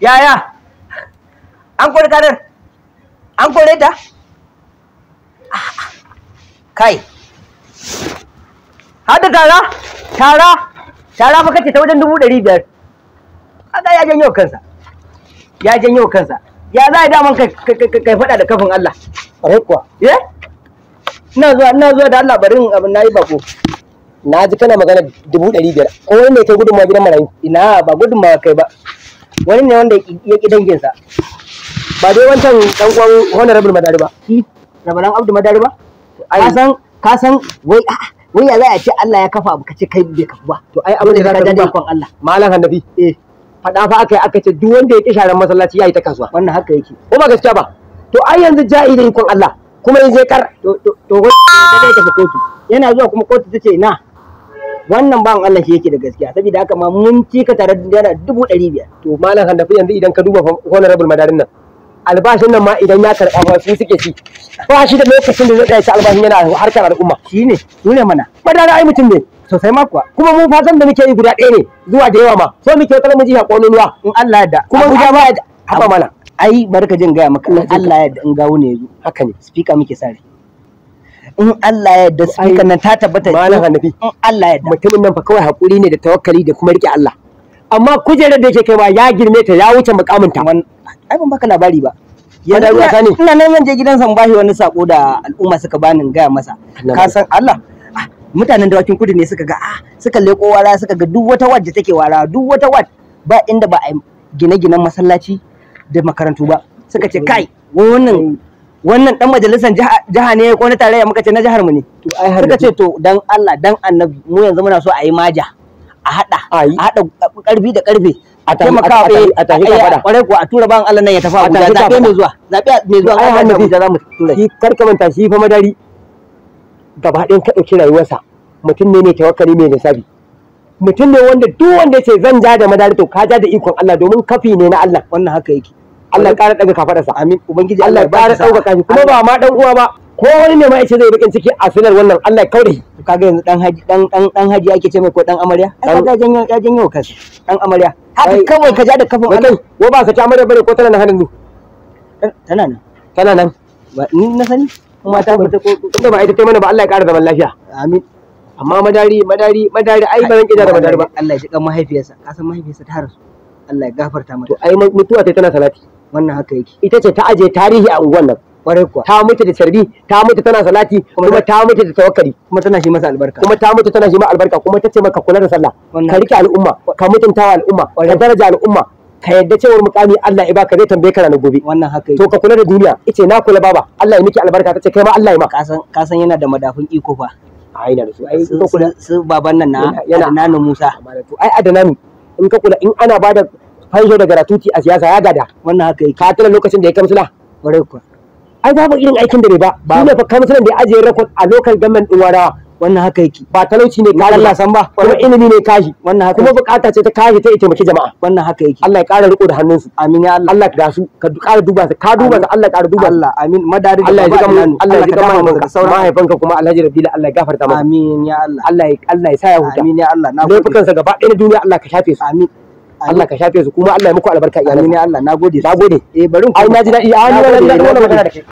yaya an ka karar an kore ta kai har da tara tara tara fa kace ta wajen dubu ɗari biyar kaga ya janyo kansa ya janyo kansa ya za a daman kai faɗa da kafin Allah ƙwarai kuwa eh ina zuwa ina zuwa da Allah barin abin nayi bako na ji kana magana dubu ɗari biyar ko wani ne kai gudunmawa gidan marayu ina ba gudunmawa kai ba wani ne wanda ya ƙi danginsa ba dai wancan ɗan uwan honorable madari ba shi rabaran abdu madari ba ka san ka san wai wai ya za a ce Allah ya kafa abu kace kai bai kafu ba to ai abin da ka ga kon Allah malam hannabi eh fada fa aka yi aka ce duk wanda ya ƙi sharan masallaci yayi ta kasuwa wannan haka yake ko ba gaskiya ba to ai yanzu ja'i da ikon Allah kuma yanzu kar to to to da zai tafi kotu yana zuwa kuma kotu tace na wannan ban Allah shi yake da gaskiya saboda haka ma mun ci ka tare da dubu ɗari biyar to malam handafi yanzu idan ka duba honorable madarin nan albashin nan ma idan ya karɓa ba su suke ci ba shi da lokacin da zai tsaya ci albashin yana harkar al'umma shine dole mana madara ai mutum ne sosai ma kuwa kuma mu fatan da muke yi guda ɗaya ne zuwa da yawa ma so muke wata mu ji ha ƙonunuwa in Allah yarda kuma guda ba yarda haba mana ai barka jin gaya maka Allah yarda in gawo ne yazo haka ne speaker muke sare in Allah ya yarda speaker nan ta tabbata malam Hanafi in Allah ya yarda mutumin nan fa kawai hakuri ne da tawakkali da kuma rike Allah amma kujerar da yake kaiwa ya girme ta ya wuce mukamin ta ai ban baka labari ba ya da ruwa ne ina nan zan je gidansa in bashi wani sako da al'umma suka bani gaya masa ka san Allah ah, mutanen dawakin kudu ne suka ga ah suka leko wara suka ga duk wata wadda take wara duk wata wat ba inda ba a gine-ginen masallaci da makarantu ba suka ce kai wannan wannan dan majalisar jiha ne ko na tarayya muka ce na jihar mu ne suka ce to dan Allah dan annabi mu yanzu muna so a yi maja a hada a hada karfi da karfe a taimaka a tafi ka fada kwarai ko a tura ban Allah nan ya tafi Abuja zabe mai zuwa zabe mai zuwa ai mu za mu tura shi karka manta shi fa madari gaba ɗayan ka dauki rayuwarsa mutum ne ne tawakkali mai nisabi mutum ne wanda duk wanda ya ce zan ja da madari to ka ja da ikon Allah domin kafi ne na Allah wannan haka yake Allah ƙara ɗaga kafaɗarsa. amin ubangiji Allah ƙara ɗaukaka shi kuma ba ma dan uwa ba ko wani ne ma ce zai bakin ciki a filar wannan Allah ya kaure Ka kaga yanzu dan haji dan dan dan haji ake ce mai ko dan amarya ai ka janyo ya janyo dan amarya haka kawai ka ja da kafin Allah wa ba ka ci amarya bare ko tana nan hannun tana nan tana nan ba ni na sani kuma ta fita ko tunda ba ita ta mana ba Allah ya ƙara zaman lafiya amin amma madari madari madari ai ba zan kida da madari ba Allah ya shiga mahaifiyarsa ka san mahaifiyarsa ta harasu Allah ya gafarta mata to ai mutuwa tai tana salati wannan haka yake ita ce ta aje tarihi a unguwar nan kwarai kuwa ta mutu da sirri ta mutu tana salati kuma ta mutu da tawakkali kuma tana shi masa albarka kuma ta mutu tana shi masa albarka kuma ta ce maka kula da sallah ka rike al'umma ka mutunta al'umma ka daraja al'umma ka yadda cewar mukami Allah ya baka zai tambaye ka ranar gobe wannan haka to ka kula da duniya ice na kula baba Allah ya miki albarka tace kai ma Allah ya ma ka san ka san yana da madafun iko fa ai da su ai ko kula su baban nan na yana nanu Musa ai adananu in ka kula in ana bada zo daga ratuti a siyasa ya gada wannan haka yi ka lokacin da ya kamsula ƙwarai kuwa ai babu irin aikin da ne ba ba ne fa kamsulan da ya ajiye rekod a local government din warawa wannan haka yake ba talauci ne ka Allah san ba kuma ilimi ne kashi wannan haka kuma bukata ce ta kashi ta taimaki jama'a wannan haka yake Allah ya kara riko da hannunsu amin ya Allah Allah da su ka kara duba su ka duba su Allah kara duba Allah amin madari Allah ya ji mu Allah ya ji gamu manka mahaifanka kuma Alhaji Rabi'u Allah ya gafarta masa amin ya Allah Allah ya Allah ya sa ya huta amin ya Allah na gode sa gaba ɗaya duniya Allah ka shafe su amin Allah ka shafe su kuma Allah ya muku albarka iyalai ne Allah nagode nagode eh bari ai naji daɗi ai wannan magana da kai